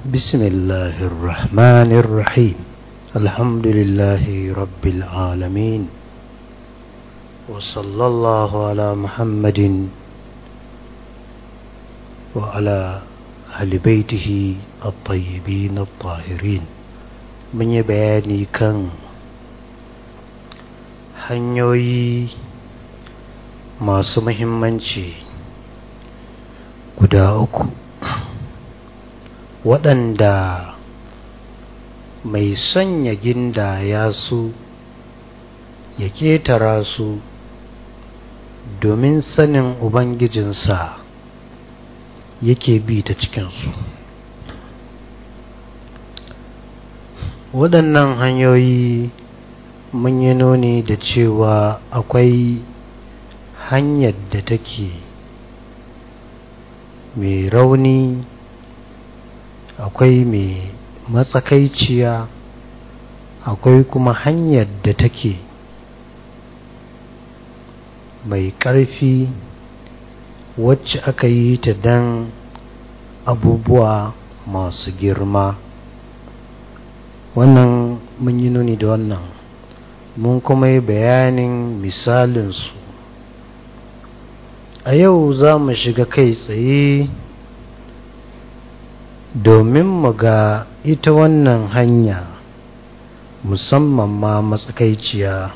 بسم الله الرحمن الرحيم الحمد لله رب العالمين وصلى الله على محمد وعلى أهل بيته الطيبين الطاهرين من يبياني كان hanyoyi masu muhimmanci guda uku waɗanda mai sanya gindaya su ya ƙetara su domin sanin ubangijinsa yake bi ta cikinsu waɗannan hanyoyi mun yi nuni da cewa akwai hanyar da take mai rauni akwai mai matsakaiciya akwai kuma hanyar da take mai ƙarfi wacce aka yi ta don abubuwa masu girma wannan mun yi nuni da wannan mun kuma yi bayanin misalinsu a yau za mu shiga kai tsaye domin mu ga ita wannan hanya musamman ma matsakaiciya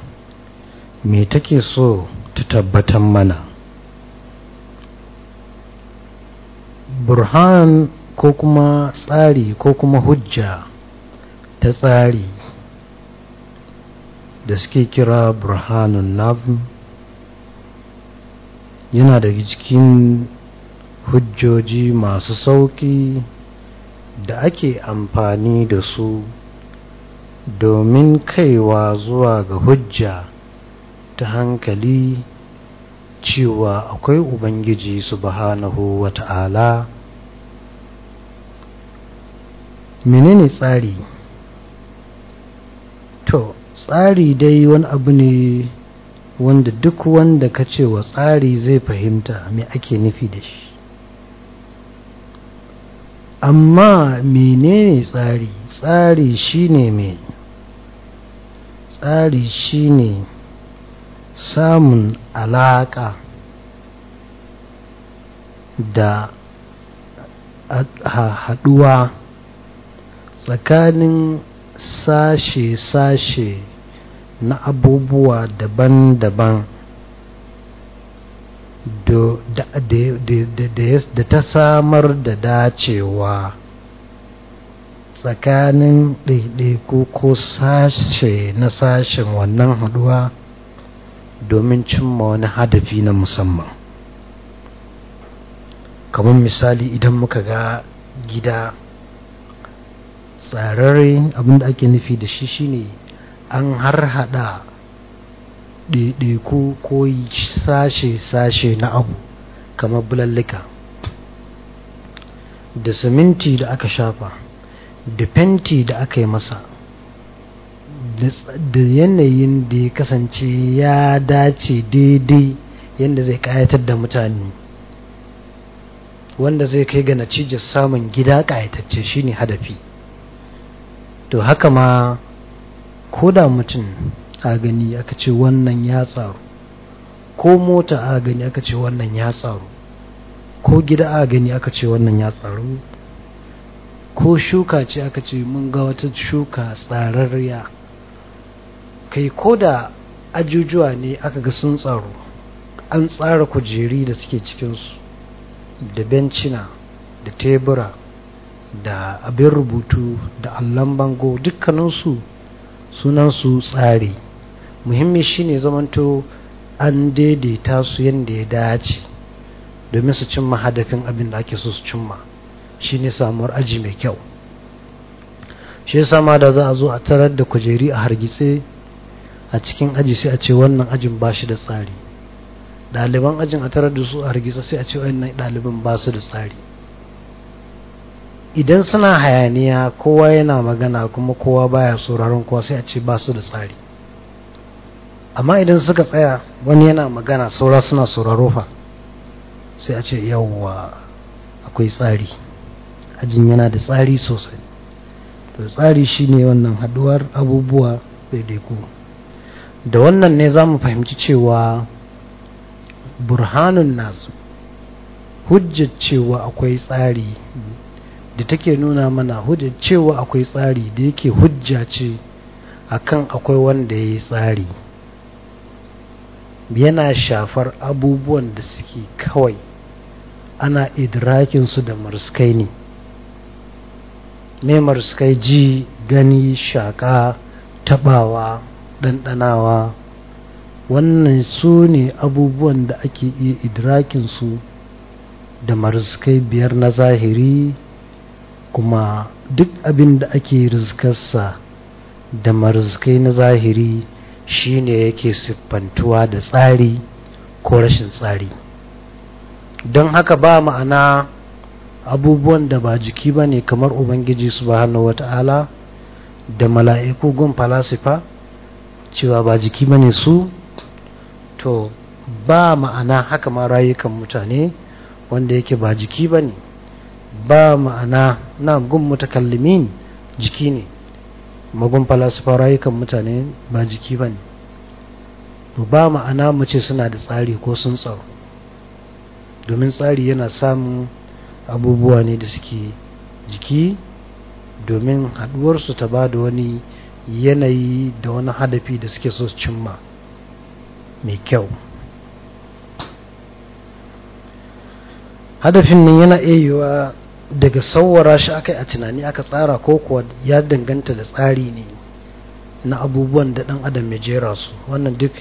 me take so ta tabbatar mana burhan ko kuma tsari ko kuma hujja ta tsari da suke kira burhanun nafin yana daga cikin hujjoji masu sauƙi da ake amfani da su domin kaiwa zuwa ga hujja ta hankali cewa akwai ubangiji subhanahu wa ta'ala menene tsari to tsari dai wani abu ne wanda duk wanda ka ce wa tsari zai fahimta me ake nufi da shi amma menene tsari tsari shine me tsari shine samun alaka da haduwa tsakanin sashe-sashe na abubuwa daban-daban da ta samar da dacewa tsakanin ɗaiɗaiku ko sashe na sashen wannan haɗuwa domin cimma wani hadafi na musamman kamar misali idan muka ga gida tsararre abinda ake nufi da shi shine an har hada ɗaiɗaiku ko sashe-sashe na abu kamar bulallika da siminti da aka shafa da fenti da aka yi masa da yanayin da ya kasance ya dace daidai yadda zai kayatar da mutane wanda zai kai ga natijar samun gida kayatacce shine hadafi to haka ma ko da mutum a gani aka ce wannan ya tsaru ko mota a gani aka ce wannan ya tsaru ko gida a gani aka ce wannan ya tsaru ko shuka ce aka ce mun ga wata shuka tsararriya kai ko da ajujuwa ne aka ga sun tsaro an tsara kujeri da suke cikinsu da bencina da tebura da abin rubutu da allon bango dukkaninsu sunansu tsari muhimmi shine zamanto an daidaita su yadda ya dace domin su cimma hadafin abin da ake so su cimma shine samuwar aji mai kyau shi yasa ma da za a zo a tarar da kujeri a hargitse a cikin aji sai a ce wannan ajin ba shi da tsari ɗaliban ajin a tarar da su a hargitse sai a ce wannan ɗaliban ba su da tsari idan suna hayaniya kowa yana magana kuma kowa baya sauraron kowa sai a ce ba su da tsari amma idan suka tsaya wani yana magana saura suna sauraro fa sai a ce yawwa akwai tsari ajin yana da tsari sosai to tsari shine wannan haduwar abubuwa daidaiku da wannan ne za mu fahimci cewa burhanun nasu hujjar cewa akwai tsari da take nuna mana hujjar cewa akwai tsari da yake hujja ce akan akwai wanda ya yi tsari yana shafar abubuwan da suke kawai ana idrakin su da marskai ne mai marskai ji gani shaƙa taɓawa ɗanɗanawa wannan su ne abubuwan da ake iya idrakin su da marskai biyar na zahiri kuma duk abin da ake rizkarsa da marskai na zahiri Shi ne yake siffantuwa da tsari ko rashin tsari don haka ba ma'ana abubuwan da ba jiki ba ne kamar ubangiji su ba hannu wata'ala da mala'iku gun falasifa cewa ba jiki ba ne su to ba ma'ana haka ma rayukan mutane wanda yake ba jiki ba ne ba ma'ana na gun mutakallimin jiki ne magun falasifa rayukan mutane ba jiki ba ne ba ma'ana mu ce suna da tsari ko sun tsaro domin tsari yana samun abubuwa ne da suke jiki domin haduwarsu ta ba da wani yanayi da wani hadafi da suke so su cimma mai kyau hadafin nan yana iya daga sauwara shi aka yi a tunani aka tsara ko kuwa ya danganta da tsari ne na abubuwan da ɗan adam ya jera su wannan duk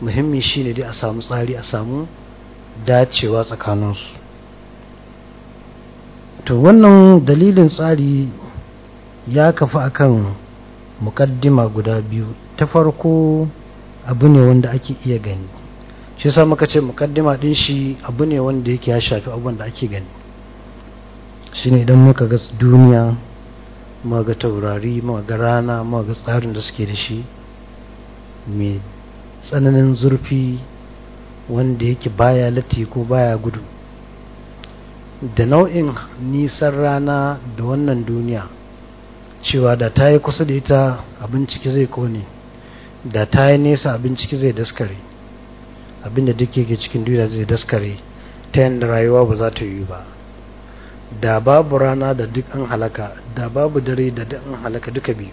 muhimmi ne dai a samu tsari a samu dacewa tsakaninsu to wannan dalilin tsari ya kafa akan mukaddima guda biyu ta farko abu ne wanda ake iya gani shi sa muka ce mukaddima din shi abu ne wanda yake ya shafi abubuwan da ake gani Shin idan muka ga duniya ma ga taurari ma ga rana ma ga tsarin da suke da shi mai tsananin zurfi wanda yake baya lati ko baya gudu da nau'in nisan rana da wannan duniya cewa da ta yi kusa da ita abin zai kone da ta yi nesa abin ciki zai daskare abin da duk yake cikin duniya zai daskare ta yadda rayuwa ba za ta yi ba da babu rana da duk an halaka da babu dare da duk an halaka duka biyu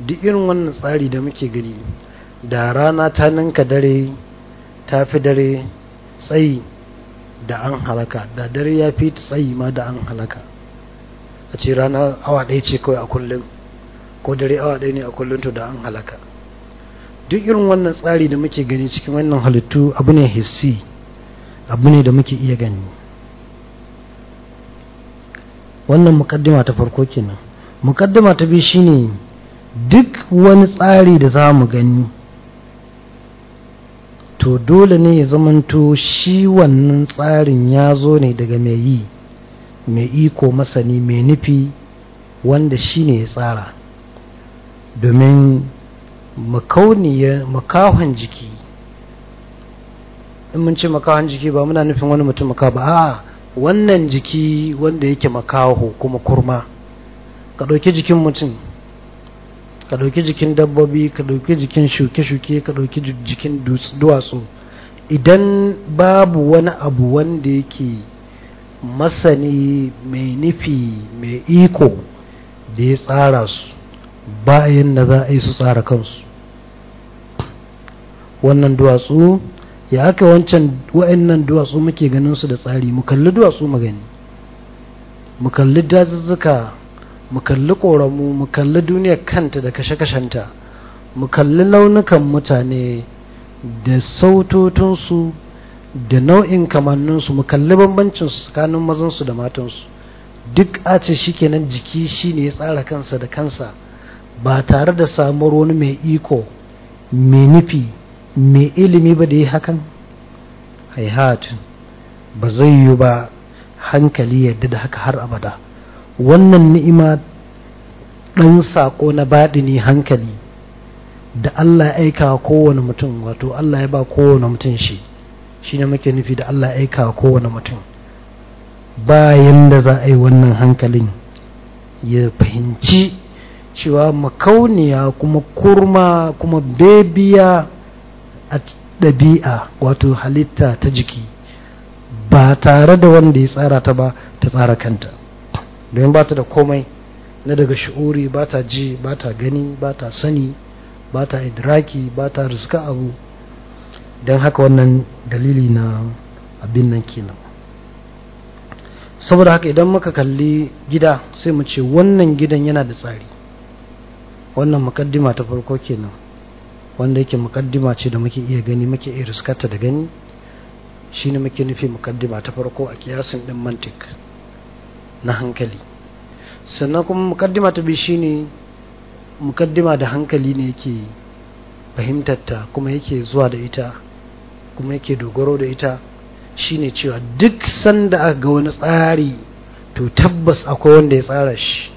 duk irin wannan tsari da muke gani da rana ta ninka dare ta fi dare tsayi da an halaka da dare ya fi tsayi ma da an halaka a ce rana awa ɗaya ce kawai a kullum ko dare awa ɗaya ne a kullum to da an halaka duk irin wannan tsari da muke gani cikin wannan halittu abu ne hissi abu ne da muke iya gani wannan mukaddima ta farko kenan mukaddima ta biyu shine duk wani tsari da za mu gani to dole ne ya zamanto shi wannan tsarin ya zo ne daga mai yi mai iko masani mai nufi wanda shi ne ya tsara domin makahon jiki in mun ce makahon jiki ba muna nufin wani mutum maka ba a. wannan jiki wanda yake makaho kuma kurma ka ɗauki jikin mutum ka ɗauki jikin dabbobi ka ɗauki jikin shuke-shuke ka ɗauki jikin duwatsu idan babu wani abu wanda yake masani mai nufi mai iko da ya tsara su bayan da za a yi su tsara kansu wannan duwatsu ya haka wancan wa'annan duwatsu muke ganin su da tsari mu kalli duwatsu mu gani mu kalli dazuzzuka mu kalli ƙoramu mu kalli duniyar kanta da kashe-kashenta mu kalli launukan mutane da sautotunsu da nau'in kamanninsu mu kalli bambancinsu tsakanin mazansu da matansu duk a ce shi kenan jiki shine ya tsara kansa da kansa ba tare da samuwar wani mai iko mai nufi mai ilimi ba da yi hakan haihat ba zai yi ba hankali yadda da haka har abada wannan ni'ima ɗan saƙo na ne hankali da Allah ya aika kowane mutum wato Allah ya ba kowane mutum shi shi ne muke nufi da Allah ya aika kowane mutum bayan da za a yi wannan hankalin ya fahimci cewa makauniya kuma kurma kuma bebiya a ɗabi'a wato halitta ta jiki ba tare da wanda ya tsara ta ba ta tsara kanta domin ba ta da komai na daga shi'uri ba ta ji ba ta gani ba ta sani ba ta idraki ba ta rizka abu don haka wannan dalili na abin nan kenan saboda haka idan muka kalli gida sai mu ce wannan gidan yana da tsari wannan mukaddima ta farko kenan wanda yake mukaddima ce da muke iya gani muke iya riskata da gani shi ne muke nufi mukaddima ta farko a kiyasin din mantik na hankali sannan kuma mukaddima ta biyu ne mukaddima da hankali ne yake fahimtarta kuma yake zuwa da ita kuma yake dogaro da ita shi ne cewa duk sanda aka ga wani tsari to tabbas akwai wanda ya tsara shi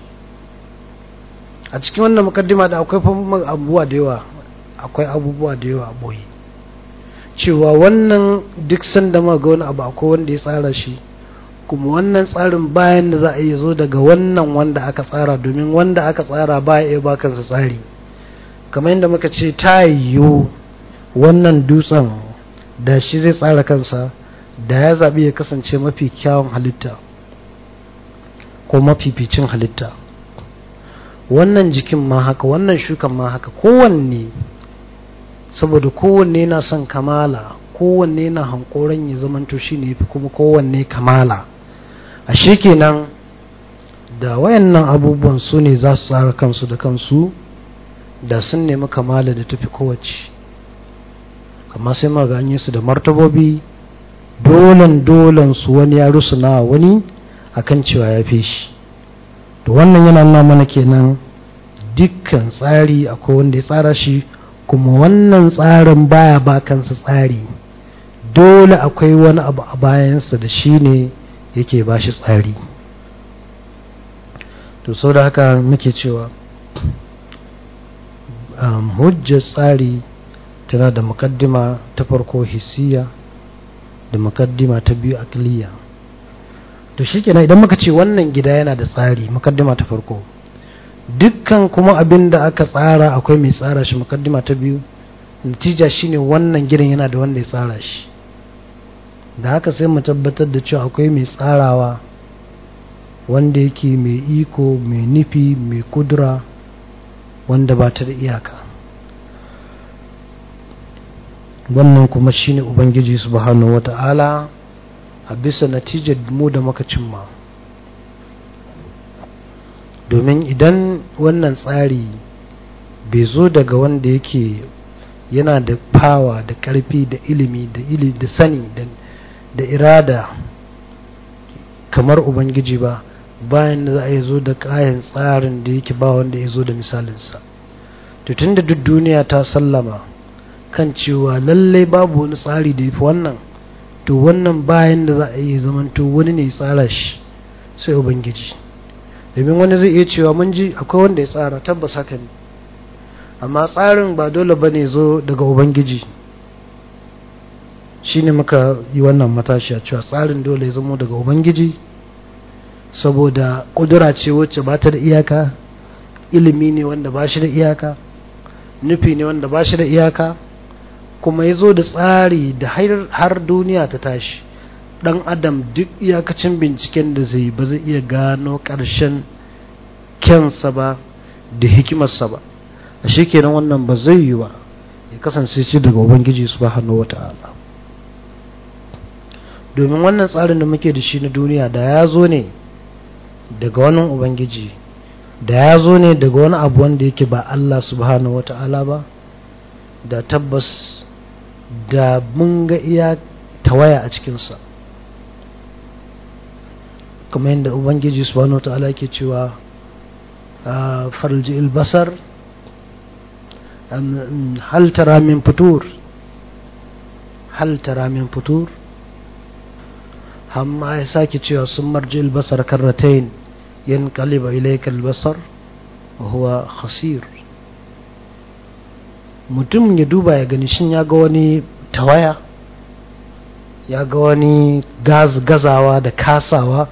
a cikin wannan mukaddima da akwai abubuwa da yawa akwai abubuwa da yawa a ɓoye cewa wannan duk sanda ma ga wani abu akwai wanda ya tsara shi kuma wannan tsarin bayan da za a iya zo daga wannan wanda aka tsara domin wanda aka tsara ba ya iya baka sa tsari kamar yadda muka ce ta yiwu wannan dutsen da shi zai tsara kansa da ya zaɓi ya kasance mafi kyawun halitta ko mafificin halitta wannan jikin ma haka wannan shukan ma haka kowanne saboda kowanne na son kamala kowanne na hankoron ya zama shi ne fi kuma kowanne kamala a kenan da wayannan abubuwan su ne za su tsara kansu da kansu da sun nemi kamala da tafi kowace amma sai maga an su da martabobi dolan dolan su wani ya rusuna wani akan cewa ya fi shi to wannan yana nama mana kenan dukkan tsari akwai wanda ya tsara shi kuma wannan tsarin baya ba kansa tsari dole akwai wani abu a bayansa da shi ne yake ba shi tsari to sau da haka muke cewa um, hujjar tsari tana da makaddima ta farko hisiya da makaddima ta biyu akiliya to shi kenan idan muka ce wannan gida yana da tsari makaddima ta farko dukkan kuma abin da aka tsara akwai mai tsara shi makaddima ta biyu natija shine wannan gidan yana da wanda ya tsara shi da haka sai mu tabbatar da cewa akwai mai tsarawa wanda yake mai iko mai nufi mai kudura wanda ba ta da iyaka wannan kuma shine ubangiji subhanahu wata'ala a bisa natijar mu da muka cimma domin idan wannan tsari bai zo daga wanda yake yana da fawa da ƙarfi da ilimi da ili da sani da irada kamar ubangiji ba bayan da za a zo da kayan tsarin da yake ba wanda ya zo da misalinsa tutun da duk duniya ta sallama kan cewa lallai babu wani tsari da ya fi wannan to wannan bayan da za a yi zamanto wani ne tsara shi sai ubangiji domin wani zai iya cewa mun ji akwai wanda ya tsara tabbas haka ne amma tsarin ba dole ba ne zo daga ubangiji shi ne muka yi wannan matashi a cewa tsarin dole ya zama daga ubangiji saboda ƙudura ce wacce ba ta da iyaka ilimi ne wanda ba shi da iyaka nufi ne wanda ba shi da iyaka kuma ya zo da tsari da har duniya ta tashi dan adam duk iyakacin binciken da zai ba zai iya gano ƙarshen kyansa ba da hikimarsa ba a kenan wannan ba zai yi ba ya kasance shi daga ubangiji su ba hannu wata'ala domin wannan tsarin da muke da shi na duniya da ya zo ne daga wani ubangiji da ya zo ne daga wani abu wanda yake ba Allah subhanahu wata'ala ba da tabbas da mun ga iya tawaya a cikinsa Kuma yadda ubangiji subhanahu ta'ala ke cewa ah, farji basar hal min fitur hal min fitur amma ya sake cewa sun marji albasar karratain yin kaliba ilaika albasar huwa khasir mutum ya duba ya gani shin ya ga wani tawaya ya ga wani gazawa da kasawa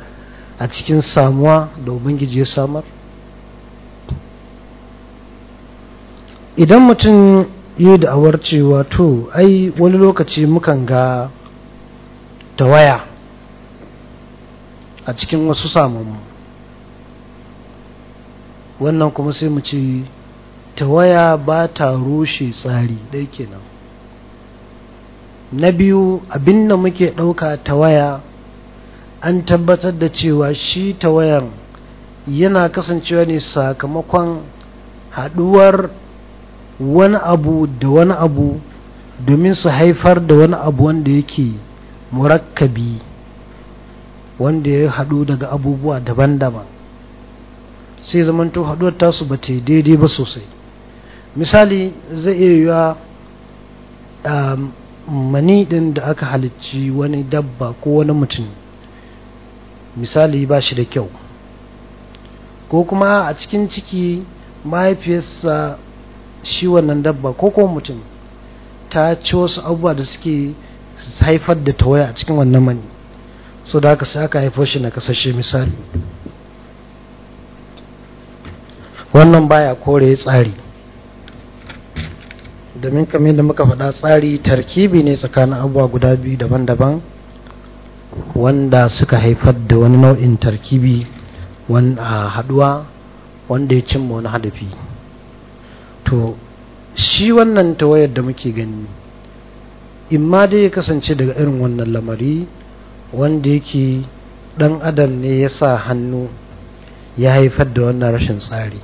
a cikin samuwa da ubangiji ya samar idan mutum yi da'awar cewa to ai wani lokaci mukan ga tawaya a cikin wasu samun wannan kuma sai mu ce tawaya ba ta rushe tsari ɗai kenan na biyu abin da muke ɗauka tawaya an tabbatar da cewa shi ta wayan yana kasancewa ne sakamakon haduwar wani abu da wani abu domin su haifar da wani abu wanda yake murakkabi wanda ya haɗu daga abubuwa daban-daban sai zamanto haɗuwar tasu ba ta daidai ba sosai misali zai iya yiwa um, mani ɗin da aka halicci wani dabba ko wani mutum misali ba shi da kyau ko kuma a cikin ciki mahaifiyarsa shi wannan dabba ko kuma mutum ta ci wasu abubuwa da suke haifar da tawaya a cikin wannan mani so da haka sai aka haifo shi na kasashe misali wannan baya kore tsari domin kamar da muka faɗa tsari tarkibi ne tsakanin abubuwa guda biyu daban-daban wanda suka haifar da wani nau'in tarkibi a haduwa wanda ya cimma wani hadafi to shi wannan tawayar da muke gani ma dai ya kasance daga irin wannan lamari wanda yake dan adam ne ya sa hannu ya haifar da wannan rashin tsari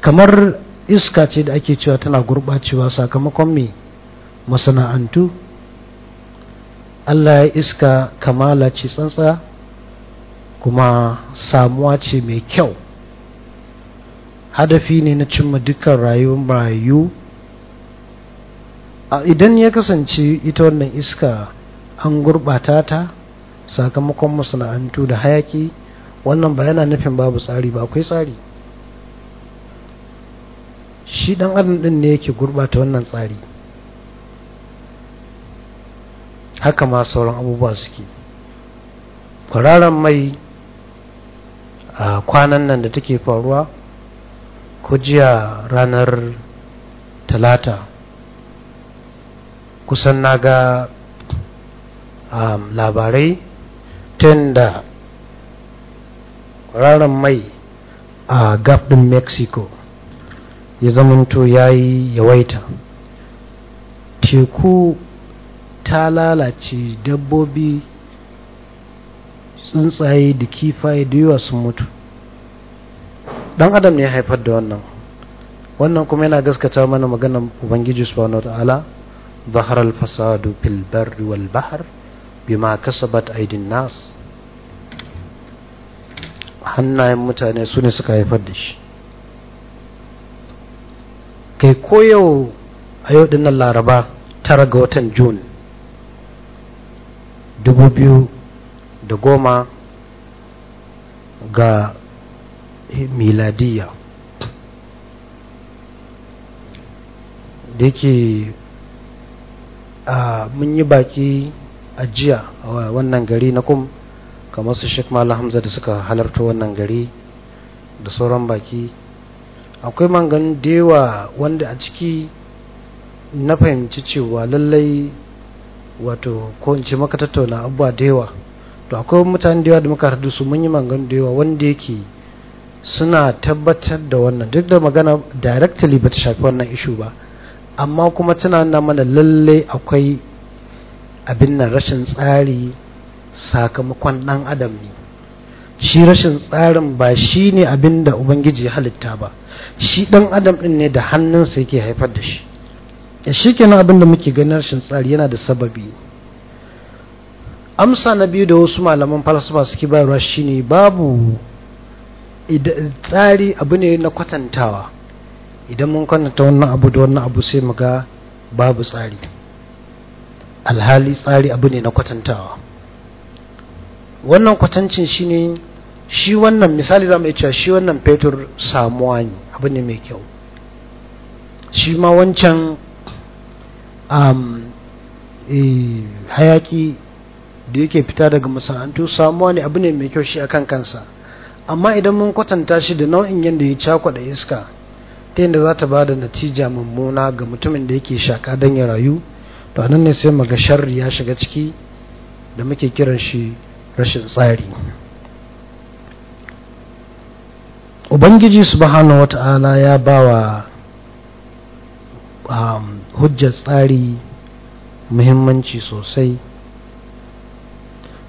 kamar iska ce da ake cewa tana gurɓacewa sakamakon mai masana'antu Allah ya iska kamala ce tsantsa kuma samuwa ce mai kyau hadafi ne na cimma dukkan rayuwar rayu idan ya kasance ita wannan iska an gurɓata ta sakamakon masana'antu da hayaki wannan ba yana nufin babu tsari ba akwai tsari shi ɗan adam ɗin ne yake gurɓata wannan tsari haka ma sauran abubuwa suke ƙwararren mai a kwanan nan da take faruwa ko jiya ranar talata kusan na ga labarai tun da mai a gaf din mexico ya zamanto ya yi yawaita teku ta lalace dabbobi tsuntsaye da kifaye da yawa sun mutu dan adam ne ya haifar da wannan wannan kuma yana gaskata mana maganar ubangiji subhanahu ta'ala zahar al-fasadu fil barri wal bahr bima kasabat aidin nas hannayen mutane su ne suka haifar da shi kai koyo a yau dinnan laraba tara ga watan june dubu biyu da goma ga miladiya da yake mun yi baki a jiya a wannan gari na kum kamar su shek mala hamza da suka halarta wannan gari da sauran baki akwai mangan da yawa wanda a ciki na fahimci cewa lallai wato ko in ce maka tattauna abubuwa da yawa to akwai mutane da yawa da muka haɗu su mun yi magana da yawa wanda yake suna tabbatar da wannan duk da magana directly ba ta shafi wannan ishu ba amma kuma tana nuna mana lalle akwai abin nan rashin tsari sakamakon ɗan adam ne shi rashin tsarin ba shi ne abin da ubangiji ya halitta ba shi ɗan adam ɗin ne da hannunsa yake haifar da shi ya shi kenan abin da muke ganin rashin tsari yana da sababi amsa na biyu da wasu malaman falsafa suke bayarwa shine babu tsari abu ne na kwatantawa idan mun kwatanta wannan abu da wannan abu sai mu ga babu tsari alhali tsari abu ne na kwatantawa wannan kwatancin shine shi wannan misali za mu cewa shi wannan fetur samuwa ne abu ne mai kyau shi ma wancan E, hayaki da yake fita daga masana'antu samuwa ne abu ne mai kyau shi akan kansa amma idan mun kwatanta shi da nau'in yadda ya cakwa da iska ta yadda za ta ba da natija mummuna ga mutumin da yake shaƙa don ya rayu to nan ne sai maga sharri ya shiga ciki da muke kiran shi rashin tsari ubangiji subhanahu wata'ala ya ba wa um, hujjar tsari muhimmanci sosai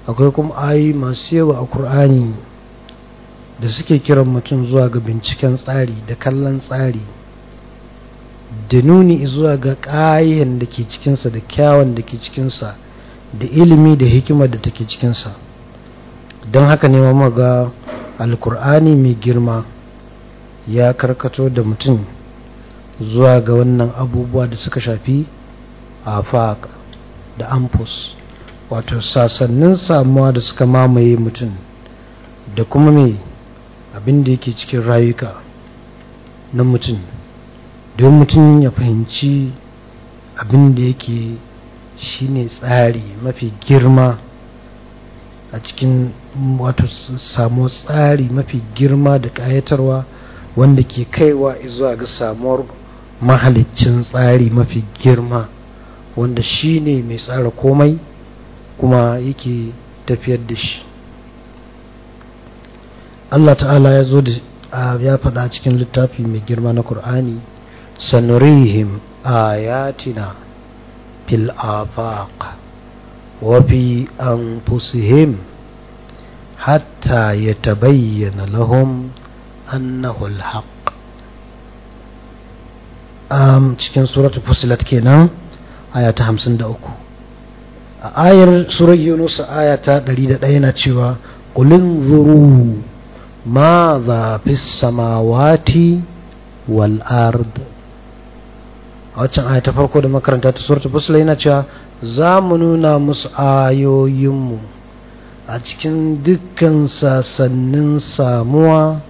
akwai kuma ayi masu yawa a kur'ani da suke kiran mutum zuwa ga binciken tsari da kallon tsari da nuni zuwa ga ƙayen da ke cikinsa da kyawun da ke cikinsa da ilimi da hikima da take cikinsa don haka ne ma ga alkur'ani mai girma ya karkato da mutum zuwa ga wannan abubuwa da suka shafi a fark da amfus wato sasannin samuwa da suka mamaye mutum da kuma mai abinda da yake cikin rayuka na mutum don mutum ya fahimci abin da yake shine tsari mafi girma a cikin wato samuwar tsari mafi girma da ƙayatarwa wanda ke kaiwa zuwa ga samuwar mahaliccin tsari mafi girma wanda shi ne mai tsara komai kuma yake tafiyar da shi Allah ta'ala ya zo da ya faɗa cikin littafi mai girma na Kur'ani sanurihim ayatina fil afaq wa fi anfusihim hatta yatabayyana lahum annahu al-haqq um, cikin suratul fusilat kenan aya ta 53 a ayar surar yunus aya ta 101 yana cewa qulin zuru ma za fi samawati wal ard a waccan aya farko da makaranta ta suratul fusilat yana cewa za mu nuna musu ayoyinmu a cikin dukkan sasannin samuwa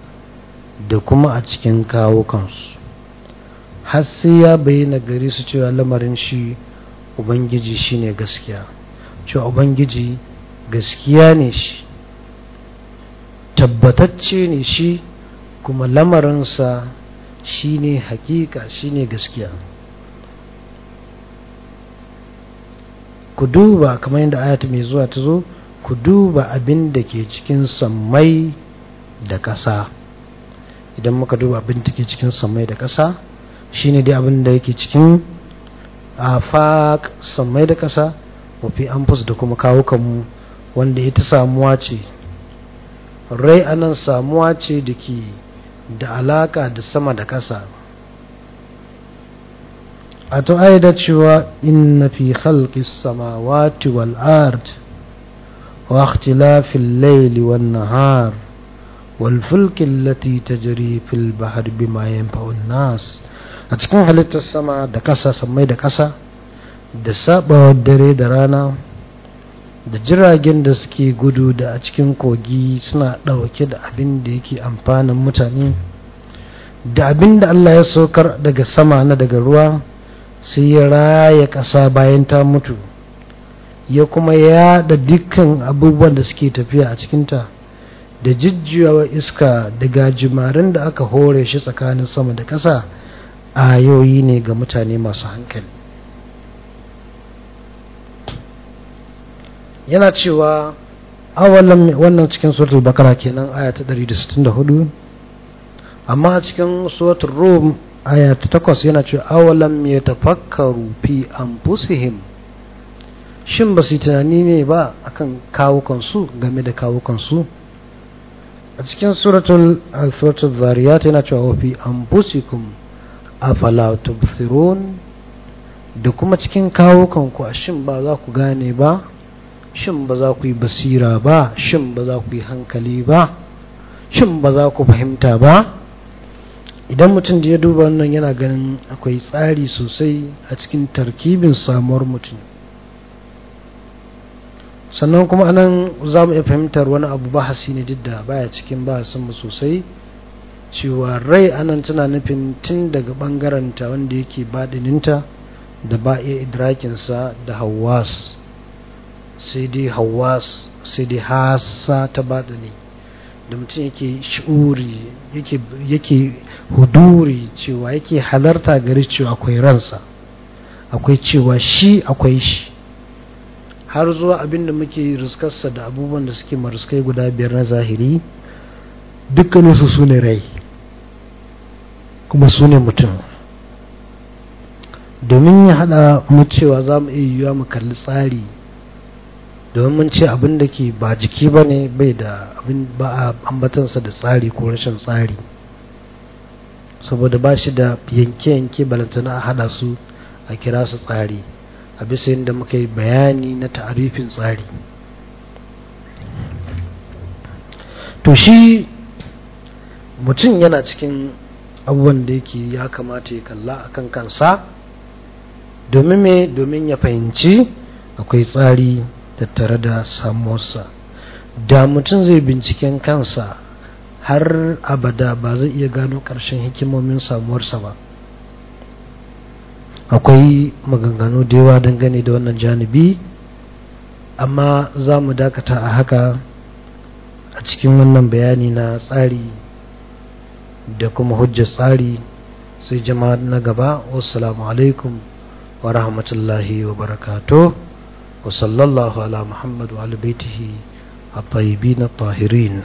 da kuma a cikin kawukansu har sai ya bayyana gare su cewa lamarin shi ubangiji shi ne gaskiya cewa ubangiji gaskiya ne shi tabbatacce ne shi kuma lamarinsa shi ne hakika shi ne gaskiya ku duba kamar yadda ayatu mai zuwa ta zo ku duba abin da ke cikin samai da ƙasa idan muka duba abin da ke cikin samai da ƙasa shine dai abin da yake cikin a faƙ sammai da ƙasa mafi amfas da kuma kawo kanmu wanda ita samuwa ce rai a nan samuwa ce da ke da alaƙa da sama da ƙasa a to da cewa inna fi khalqis samawati wal ard wa ikhtilafil layli wan nahar والفلك التي تجري في bi بما ينفع nas. a cikin halittar sama da ƙasa sammai da ƙasa da sabawar dare da rana da jiragen da suke gudu da a cikin kogi suna ɗauke da abin da yake amfanin mutane da abin da Allah ya saukar daga sama na daga ruwa sai ya raya ƙasa bayan ta mutu ya kuma yaɗa dukkan abubuwan da suke tafiya a cikinta da jijjiyawa iska da gajimarin da aka hore shi tsakanin sama da ƙasa ayoyi ne ga mutane masu hankali yana cewa awalan wannan cikin suratul bakara kenan aya ta 164 amma a cikin suratul rum aya ta 8 yana cewa awalan ya tafakkaru fi anfusihim shin ba su tunani ne ba akan kawukansu game da kawukansu a cikin suratul al-suratul zariyat yana cewa fi anfusikum afala tubsirun da kuma cikin kawo kanku a shin ba za ku gane ba shin ba za ku yi basira ba shin ba za ku yi hankali ba shin ba za ku fahimta ba idan mutum da ya duba wannan yana ganin akwai tsari sosai a cikin tarkibin samuwar mutum sannan kuma anan za mu iya fahimtar wani abu bahasi ne duk da baya cikin ba mu sosai cewa rai anan tana nufin tun daga bangaranta wanda yake baɗininta da ba iya idrakinsa da hawas sai dai hawas sai dai hasa ta baɗini da mutum yake shi'uri yake huduri cewa yake halarta gari cewa akwai ransa akwai cewa shi akwai shi har zuwa abinda muke riskarsa da abubuwan da suke mariskai guda biyar na zahiri dukkaninsu su ne rai kuma su ne mutum domin ya hada mu cewa za mu iya yiwuwa mu kalli tsari domin mun ce abin da ke ba jiki ba ne bai da abin ba a ambatansa da tsari ko rashin tsari saboda ba shi da yanke-yanke balantana a hada su a kira su tsari a bisa yadda muka yi bayani na ta'arifin tsari to shi mutum yana cikin abubuwan da yake ya kamata ya kalla a kan kansa domin me domin ya fahimci akwai tsari tattare da samuwarsa da mutum zai binciken kansa har abada ba zai iya gano ƙarshen hikimomin samuwarsa ba akwai maganganu da yawa dangane da wannan janibi amma za mu dakata a haka a cikin wannan bayani na tsari da kuma hujjar tsari sai jama'a na gaba wassalamu alaikum wa rahmatullahi wa barakato wa sallallahu ala muhammadu alibaitihi a tayibi na tahirin